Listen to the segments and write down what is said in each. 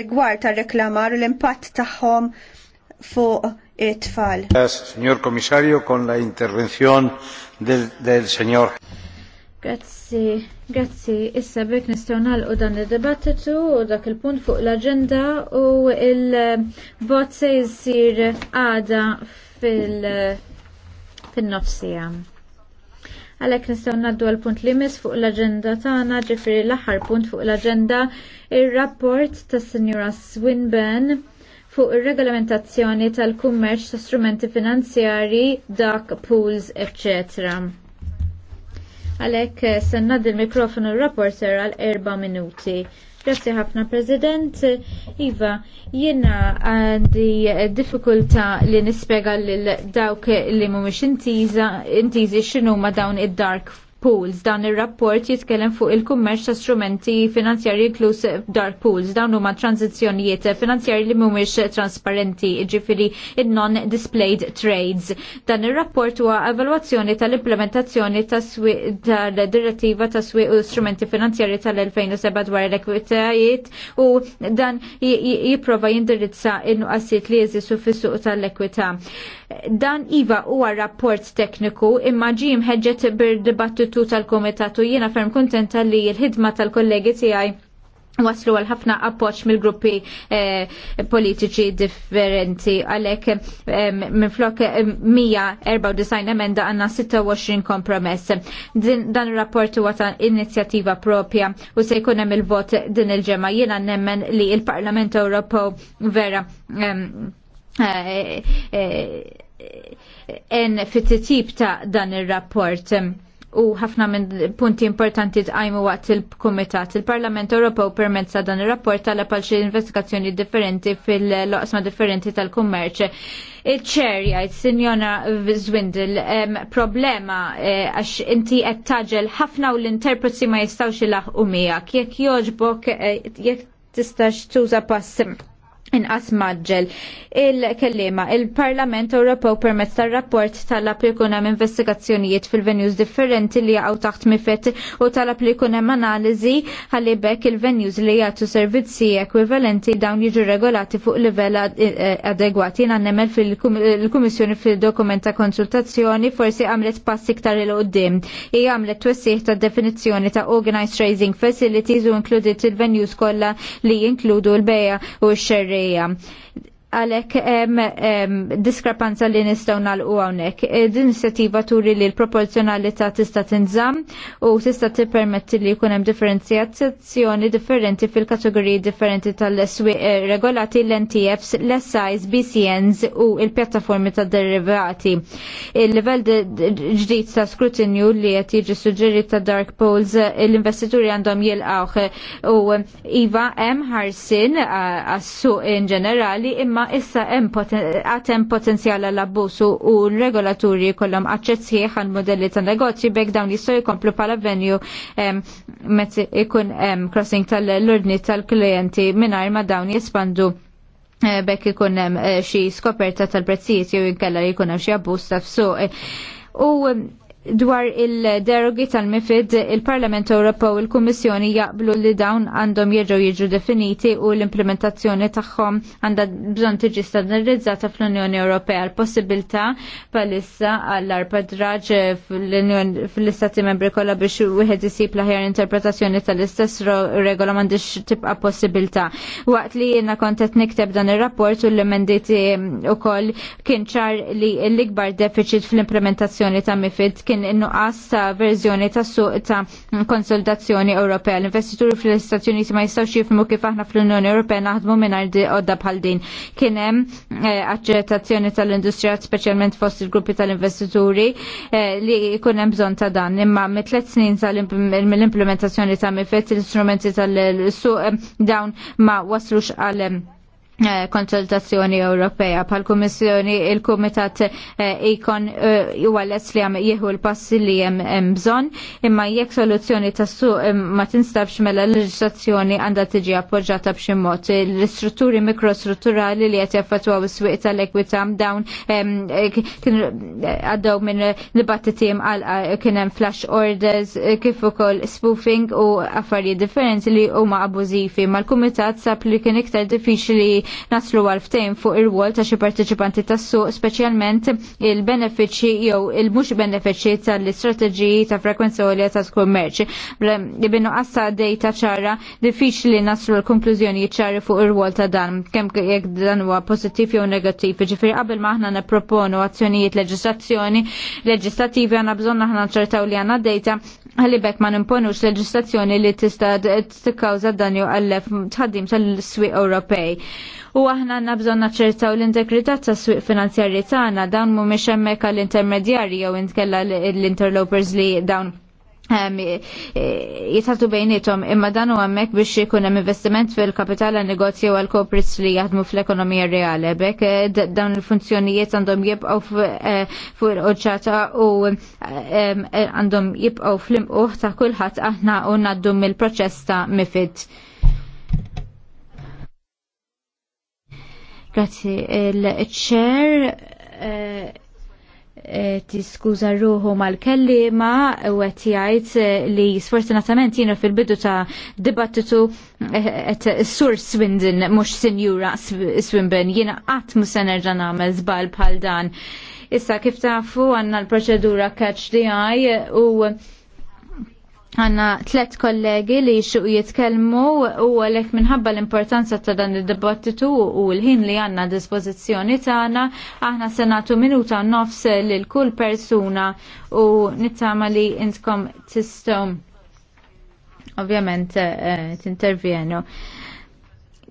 rigward ta' reklamar u l-impatt tagħhom fuq it-tfal. Signor Komissarju, kon la intervenzjon del, del Grazzi, grazzi. Issa bek nistgħu nagħlqu dan id-dibattitu u dak il-punt fuq l-aġenda u il-vot se jsir għada fil- fin-nofsija. Għalhekk nistgħu ngħaddu għal punt li mis fuq l-aġenda tagħna, ġifri l-aħħar punt fuq l-aġenda il rapport tas-Sinjura Swinburne fuq ir-regolamentazzjoni tal-kummerċ ta' strumenti finanzjarji, dak pools, etc. Għalhekk eh, se ngħaddi l-mikrofonu r-rapporter għal erba' minuti. Grazzi ħafna President. Iva, jiena għandi diffikulta li nispjega lil dawk li mhumiex intiża intiżi x'inhuma dawn id-dark pools. Dan ir-rapport jitkellem fuq il-kummerċ ta' strumenti finanzjarji inkluż dark pools. Dawn huma tranzizzjonijiet finanzjarji li mhumiex trasparenti, jiġifieri non displayed trades. Dan ir-rapport huwa evalwazzjoni tal-implementazzjoni tal-direttiva ta' swieq u strumenti finanzjarji tal-2007 dwar l-ekwitajiet u dan jipprova jindirizza in-nuqqasiet li jeżistu fis-suq tal-ekwità. Dan iva huwa rapport tekniku imma ġi ħeġġet bir-dibattitu tal-komitatu jiena ferm kuntenta li l-ħidma tal-kollegi tiegħi waslu għal ħafna appoċ mill-gruppi eh, politiċi differenti għalek minn flok 194 emenda għanna 26 kompromess. dan il-rapport huwa ta' inizjattiva propja u se jkun hemm il-vot din il-ġemma jiena nemmen li il-Parlament Ewropew vera eh, eh, en fit-tip ta' dan ir-rapport u ħafna minn punti importanti tqajmu waqt il-Kumitat. Il-Parlament Ewropew permezz ta' dan ir-rapport talab għal xi investigazzjoni differenti fil-loqsma differenti tal-kummerċ. Il-ċer jgħid Sinjona Zwindel, problema eh, għax inti qed taġel ħafna u l-interpreti ma jistgħux ilaħqu miegħek. Jekk jogħġbok eh, jekk tistax tuża pass inqas maġġel il-kellima il-Parlament Ewropew permezz tar-rapport talab li jkun hemm investigazzjonijiet fil-venues differenti li jaqgħu taħt mifet u talab li jkun hemm analiżi ħalli bekk il-venues li jagħtu servizzi ekwivalenti dawn jiġu regolati fuq livell eh, eh, adegwati jiena nemmel fil-Kummissjoni fil-dokumenta konsultazzjoni forsi għamlet passi iktar il qoddim Hija għamlet twessih ta' definizzjoni ta' organized raising facilities u inkludit il-venues kollha li jinkludu l-beja u x-xerri Ewropea għalek diskrepanza li nistaw nal-u għawnek. E, din inizjattiva turi li l-proporzjonalità tista' tinżam u tista' tippermetti li jkun hemm differenzjazzjoni differenti fil-kategoriji differenti tal-eswi e, regolati l-NTFs, l-SIs, BCNs u il-pjattaformi ta' derivati. Il-level ġdid ta' skrutinju li qed jiġi suġġeri ta' dark Polls, e, l-investituri għandhom jilqawh u iva hemm ħarsin għas-suq in ġenerali imma issa hemm potenzjal għal abbusu u l-regolaturi kollhom aċċezzjih għal modelli ta' negozji bek dawn jistgħu jkomplu bħala venju mezz ikun hemm crossing tal-ordni tal-klijenti mingħajr ma dawn jespandu eh, bekk ikun hemm eh, xi skoperta tal-prezzijiet jew inkella jkun hemm xi abbuż ta' fsuq. U Dwar il-derogi tal-MIFID, il-Parlament Ewropew u l kummissjoni jaqblu li dawn għandhom jerġgħu jiġu definiti u l-implementazzjoni tagħhom għandha bżonn tiġi standardizzata fl-Unjoni Ewropea. L-possibilità bħalissa għall arpadraġ fl-Istati Membri kollha biex wieħed isib l-aħjar interpretazzjoni tal-istess regola m'għandix tibqa' possibilità. Waqt li jiena kont qed nikteb dan ir-rapport u l-emenditi wkoll kien ċar li l-ikbar deficit fl-implementazzjoni ta' MIFID kien kien innuqas ta' verżjoni ta' suq ta' konsultazzjoni Ewropea. L-investituri fl-Istati Uniti ma jistgħux jifhmu kif aħna fl-Unjoni Ewropea naħdmu mingħajr għodda bħal din. Kien hemm eh, aċċettazzjoni tal-industrija speċjalment fost il-gruppi tal-investituri eh, li jkun hemm bżonn ta' dan. Imma mit tliet snin mill-implementazzjoni ta' mifet l-istrumenti tal-suq eh, dawn ma waslux għal Eh, konsultazzjoni Ewropea pal kummissjoni il-Kumitat ikon eh, eh, u les li għam jieħu l-passi li hemm bżonn imma jekk soluzzjoni tas-suq ma tinstabx mela l-leġislazzjoni għandha tiġi appoġġata b'xi mod. L-istrutturi mikrostrutturali li qed għaw is-swieq tal ekwitam dawn kienu għaddew minn l imqalqa kien hemm flash orders kif ukoll spoofing u affarijiet differenti li huma abużivi mal-Kumitat sab li kien iktar diffiċli naslu għalftejn fuq ir-wol ta' xi partiċipanti tas-suq, speċjalment il-benefiċċji jew il-mhux benefiċċji tal-istrateġiji ta' frekwenza għolja ta' kummerċ. Ibinu qassa dejta ċara diffiċli naslu l-konklużjoni ċari fuq ir-wol ta' dan, kemm jekk dan huwa pożittiv jew negattiv. Ġifieri qabel ma aħna nipproponu azzjonijiet leġislazzjoni leġislattivi għandna bżonn aħna ċertaw li għandna dejta għalli bekk ma nimponux leġislazzjoni li tista' tikkawża danju għallef tħaddim tal swi Ewropej u aħna għanna bżonn naċċertaw l-integrità tas-swieq finanzjarji tagħna dawn mhumiex hemmhekk għall-intermedjarji jew intkella l-interlopers li dawn ehm, e, e, jitħatu bejnietom imma dan u għammek biex jikun hemm investiment fil-kapital għal negozju għal corporates li jaħdmu fl-ekonomija reali. Bek e, dawn il-funzjonijiet għandhom jibqgħu fuq il-qoċċata u għandhom jibqgħu fl imqoħ ta' kulħadd aħna u ngħaddu mill-proċess ta' mifid. Grazzi, il-ċer eh, eh, tiskuża ruħu mal-kellima u qed jgħid eh, li sfortunatament jiena fil-bidu ta' dibattitu qed sur Swindon mhux Sinjura Swinburne jiena qatt mhux se nerġa' nagħmel żball bħal dan. Issa kif tafu għandna l-proċedura catch the eye u għanna tlet kollegi li xuq jitkelmu u għalek minħabba l-importanza ta' dan il-dibattitu u l-ħin li għanna dispozizjoni tagħna aħna senatu minuta nofs lil kull persuna u nittama li intkom tistom ovvjament eh, tintervjenu.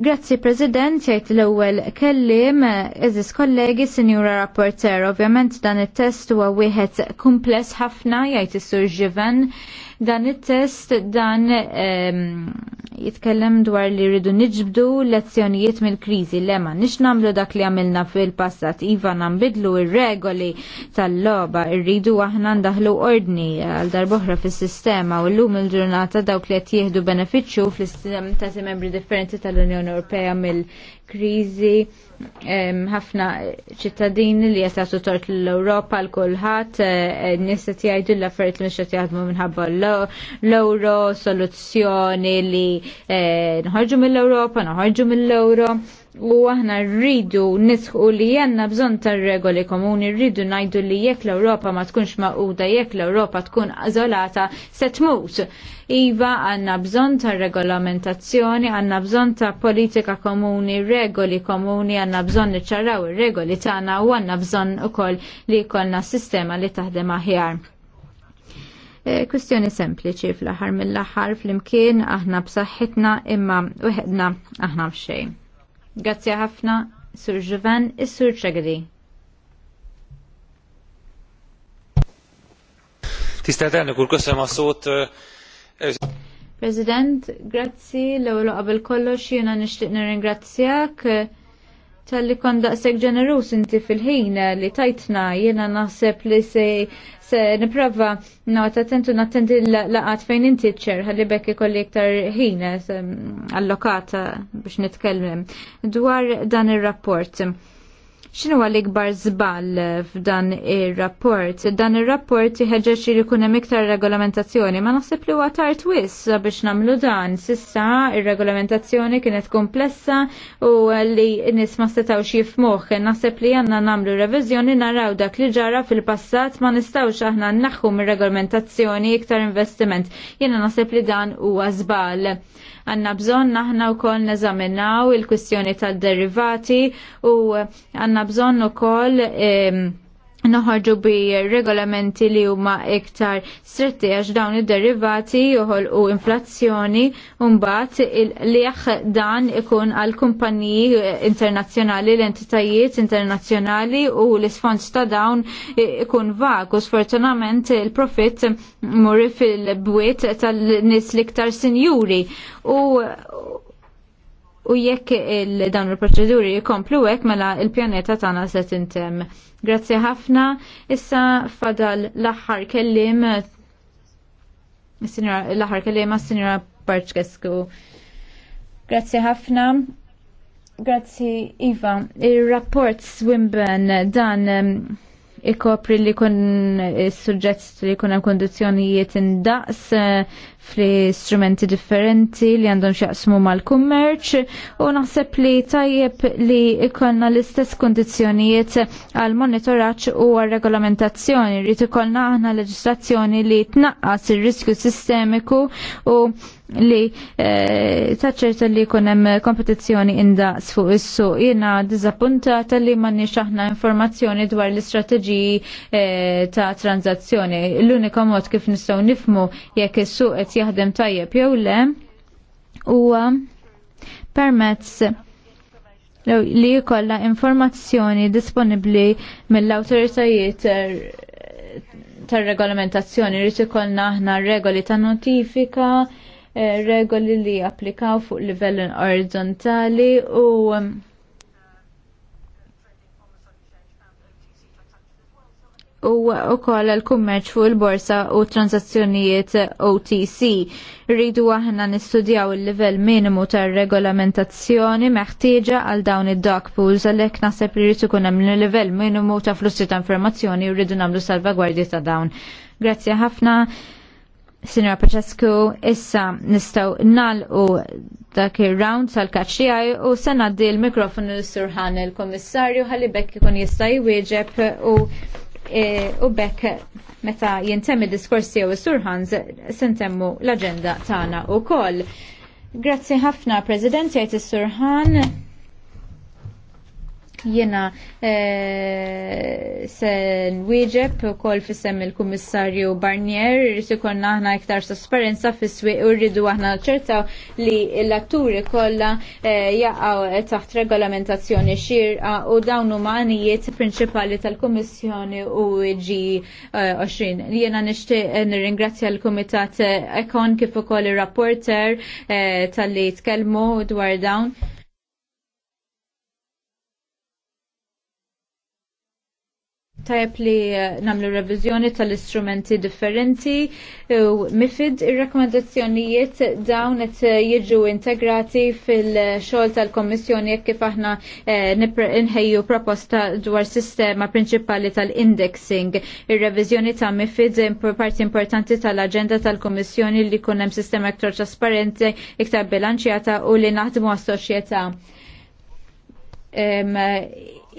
Grazzi President, jgħid l-ewwel kellim, eżis kollegi, senjura Rapporter, ovvjament dan it-test huwa wieħed kumpless ħafna jgħid is-Sur dan it-test dan um, jitkellem dwar li rridu niġbdu lezzjonijiet mill-kriżi le ma nix namlu dak li għamilna fil-passat iva nambidlu il regoli tal-loba rridu aħna ndaħlu ordni għal darboħra fis-sistema u llum il-ġurnata dawk li qed jieħdu benefiċċju fl-istem ta' membri differenti tal-Unjoni Ewropea mill kriżi ħafna ċittadini li jasasu tort l-Europa l-kulħat, eh, nisa ti jgħidu l-affarijiet li ti jaħdmu minħabba l-euro, soluzzjoni li eh, nħarġu mill-Europa, nħarġu mill-euro u aħna rridu nisħu li jenna bżon tar regoli komuni, rridu najdu li jekk l-Europa ma tkunx maquda, jekk l-Europa tkun azolata, se Iva għanna bżon tar regolamentazzjoni, għanna bżon ta' politika komuni, regoli komuni, għanna bżon niċċaraw ir-regoli tagħna u għanna bżon ukoll li jkollna sistema li taħdem aħjar. Eh, kwistjoni sempliċi fl-aħħar mill-aħħar fl-imkien aħna b'saħħitna imma weħedna aħna f'xejn. Grazzi ħafna, Sur Ġuvan, is-Sur Ċegri. Tisztelt President, grazzi l-ewwel qabel kollox jiena nixtieq nirringrazzjak tal-li kon daqseg ġenerus inti fil-ħin li tajtna jena naħseb li se, se niprava not attentu nattendi laqat fejn inti ċer għalli bekk ikolli iktar ħin eh, allokata biex nitkellem dwar dan ir rapport X'inhu l-ikbar żball f'dan ir-rapport? Dan ir-rapport iħeġġeġ li jkun hemm iktar regolamentazzjoni, ma naħseb li huwa tard wiss biex nagħmlu dan. Sissa il regolamentazzjoni kienet komplessa u li n-nies ma setgħux jifmuh. Naħseb li għandna nagħmlu reviżjoni naraw dak li ġara fil-passat ma nistgħux aħna naħħu il regolamentazzjoni iktar investiment. Jiena naħseb li dan huwa żball għanna bżon naħna u kol neżaminaw il-kwistjoni tal-derivati u għanna għanna bżonn ukoll noħarġu bi regolamenti li huma iktar stretti għax dawn id-derivati joħol u inflazzjoni mbagħad li liħ dan ikun għal kumpaniji internazzjonali l-entitajiet internazzjonali u l-isfond ta' dawn ikun vag u sfortunament il-profit muri fil-bwiet tal-nis liktar sinjuri u u jekk il-dawn il-proċeduri jikomplu hekk mela il-pjaneta tagħna se tintemm. Grazzi ħafna. Issa fadal l-aħħar kellim l-aħħar kellim għas-Sinjora Barċkesku. Grazzi ħafna. Grazzi Iva. Il-rapport swimben dan ikopri li kun eh, suġġett li kun hemm kondizzjonijiet indaqs eh, fli strumenti differenti li għandhom xaqsmu mal-kummerċ u naħseb li tajjeb li ikonna l-istess kondizjonijiet għal monitoraċ u għal regolamentazzjoni rrit ikollna aħna leġislazzjoni li tnaqqas il-riskju sistemiku u li eh, taċċerta li jkun hemm kompetizzjoni indaqs fuq is-suq. Jiena diżappuntata li m'għandniex aħna informazzjoni dwar l-istrateġiji eh, ta' tranzazzjoni. L-unika mod kif nistgħu nifmu jekk is-suq qed jaħdem tajjeb jew le huwa permezz li jkollha informazzjoni disponibbli mill-awtoritajiet eh, tar-regolamentazzjoni rrid ikollna aħna regoli ta' notifika Eh, regoli li applikaw fuq livell orizzontali u um, u koll l-kummerċ fuq il-borsa u transazzjonijiet OTC. Ridu aħna nistudjaw il-livell minimu tar regolamentazzjoni meħtieġa għal dawn id dock pools għalhekk naħseb li rritu ikun hemm livell minimu ta' flussi ta' informazzjoni u rridu nagħmlu salvagwardji ta' dawn. Grazzi ħafna. Sinra Pacescu, issa nistaw nalqu dak il-round tal kaċċijaj u sena di l mikrofonu surħan il-komissarju għalli bekk kun jista jwieġeb u e, u bekk meta jintemmi diskorsi u surħans sentemmu l-agenda tana u koll. Grazzi ħafna, President, jajt il-surħan jena eh, se nwieġeb u kol fissem il-Kummissarju Barnier rritu konna aħna iktar trasparenza fissi u rridu aħna ċertaw li l-atturi kolla eh, jaqaw taħt regolamentazzjoni xirqa u dawnu maħnijiet prinċipali tal kummissjoni u G20. Eh, jena nishti nirringrazzja l-Komitat Ekon kif ukoll il-rapporter tal-li tkellmu dwar dawn. Tajab li eh, namlu revizjoni tal-istrumenti differenti u mifid il rekomendazzjonijiet dawn et eh, jiġu integrati fil-xogħol tal-Kommissjoni jekk kif aħna eh, nħejju proposta dwar sistema prinċipali tal-indexing. Ir-reviżjoni ta' mifid parti importanti tal-aġenda tal-Kommissjoni li kunem hemm sistema iktar trasparenti, iktar bilanċjata u li naħdmu għas-soċjetà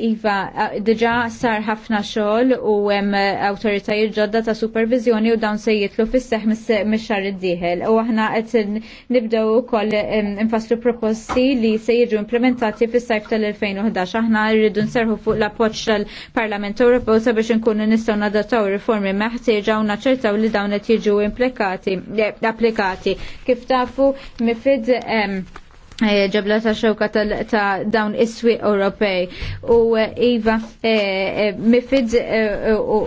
Iva, diġa sar ħafna xogħol u hemm awtoritajiet ġodda ta' supervizjoni u dawn se jitlu fis-seħ mix-xahar id-dieħel. U aħna qed nibdew ukoll infasslu proposti li se jiġu implementati fis-sajf tal-2011. Aħna rridu nserħu fuq l-appoġġ tal-Parlament Ewropew sabiex inkunu nistgħu nadattaw riformi meħtieġa u naċċertaw li dawn qed jiġu implikati, eh, applikati. Kif tafu mifid Eh, ġabla ta' xewka ta' dawn iswi Ewropej u eh, Iva eh, mifid u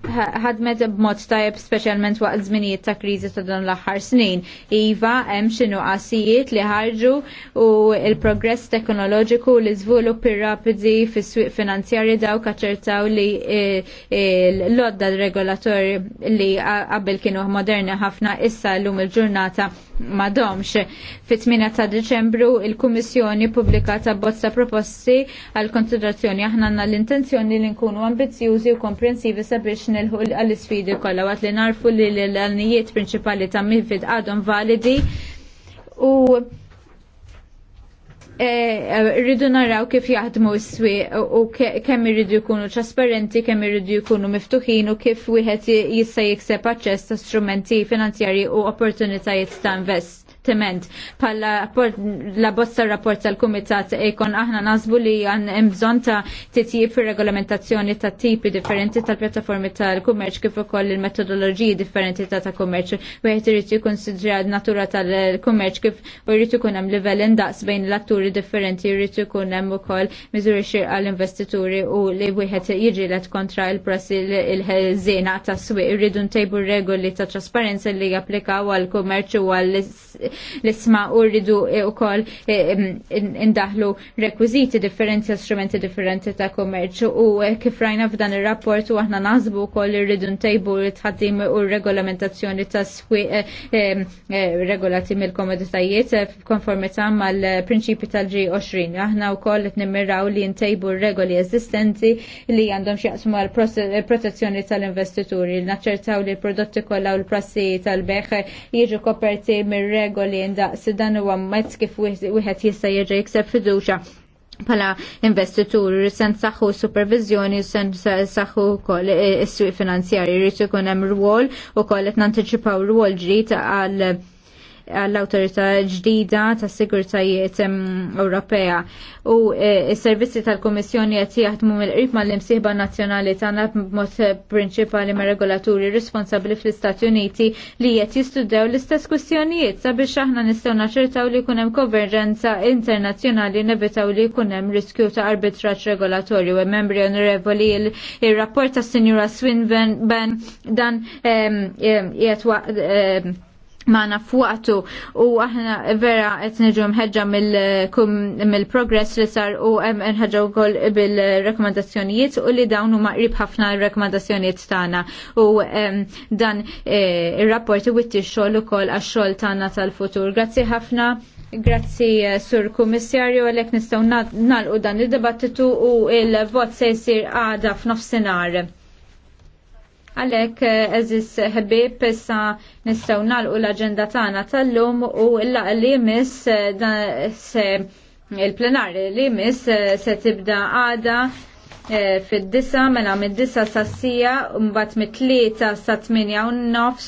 ħadmet b'mod tajjeb speċjalment waqt żminijiet ta' kriżi ta' dan l-aħħar snin. Iva hemm xi nuqasijiet li ħarġu u l-progress teknoloġiku u l-iżvilupp rapidi fis-swieq finanzjarji dawk kaċertaw li e, e, l-odda regolatorji li qabel kienu moderni ħafna issa llum il-ġurnata madomx. Fit-8 ta' Deċembru il-Kummissjoni pubblikata bozza proposti għal konsiderazzjoni aħna għandna l-intenzjoni li nkunu ambizzjużi u komprensivi sabiex biex nilħu għall-isfidi kollha waqt li narfu li l-għannijiet prinċipali ta' MIFID għadhom validi u e, rridu naraw kif jaħdmu s-swieq u kemm irridu jkunu trasparenti, kemm irridu jkunu miftuħin u kif wieħed jista' jikseb aċċess ta' strumenti finanzjarji u opportunitajiet ta' invest tement. rapport, la bossa rapport tal-Kumitat ikon aħna nazbu li għan imżon ta' titjib fir regolamentazzjoni ta' tipi differenti tal-pjattaformi tal-kummerċ kif ukoll il-metodoloġiji differenti ta' ta' kummerċ. Wieħed irid jikkonsidra natura tal-kummerċ kif u jrid ikun hemm livell indaqs bejn l-atturi differenti jrid ikun hemm ukoll miżuri xirqa l-investituri u li wieħed jiġilet kontra il-prassi il-ħżiena ta' swieq irridu ntejbu regoli ta' trasparenza li japplikaw għal kummerċ u għal l-isma u rridu wkoll eh, eh, indaħlu rekwiżiti differenti, strumenti differenti ta' kummerċ u eh, kif rajna f'dan ir-rapport u aħna naħsbu wkoll rridu ntejbu l-tħaddim u r-regolamentazzjoni ta' swi regolati mill-komoditajiet f'konformità mal-prinċipi tal-G20. Aħna wkoll qed nimmiraw li ntejbu regoli eżistenti li għandhom xieqsmu għal protezzjoni tal-investituri, naċċertaw li l-prodotti kollha u l-prassi tal-beħ jiġu koperti mir-regoli regoli ndaqs dan huwa mezz kif wieħed jista' jiġi jikseb fiduċja pala investitur sen saħħu supervizjoni sen saħħu kol is swieq finanzjari rritu ikun hemm rwol u kol qed nantiċipaw rwol ġdid għal għall-autorità ġdida ta' sigurtajiet Ewropea. U e, s-servizzi tal-Komissjoni qed jaħdmu mill-qrib mal-imsieħba nazzjonali tagħna b'mod prinċipali ma' regolaturi responsabbli fl-Istati Uniti li qed jistudew l-istess kwistjonijiet sabiex aħna nistgħu naċertaw li jkun hemm konverġenza internazzjonali nevitaw li jkun hemm riskju ta' arbitraġġ regolatorju u membri onorevoli il-rapport ta' Sinjura Swinburne dan qiegħed maħna fuqtu u aħna vera qed niġu mħeġġa mill-progress li sar u hemm nħeġġa wkoll bil-rekomendazzjonijiet u li dawn huma qrib ħafna r-rekomendazzjonijiet tagħna u dan e, ir-rapport iwitti x-xogħol ukoll għax-xogħol tagħna tal-futur. Grazzi ħafna. Grazzi, e, Sur Kummissarju, għalek nistaw nalqu dan il-dibattitu u il-vot se jisir għada f'nofsinhar. Għalek, eh, eżis ħbib, issa nistaw nalqu l-agenda tagħna tal-lum u l li mis eh, se il-plenar li mis eh, se tibda għada fid-disa mela mid-disa sassija mbagħad mit-tlieta sa' 8 u nofs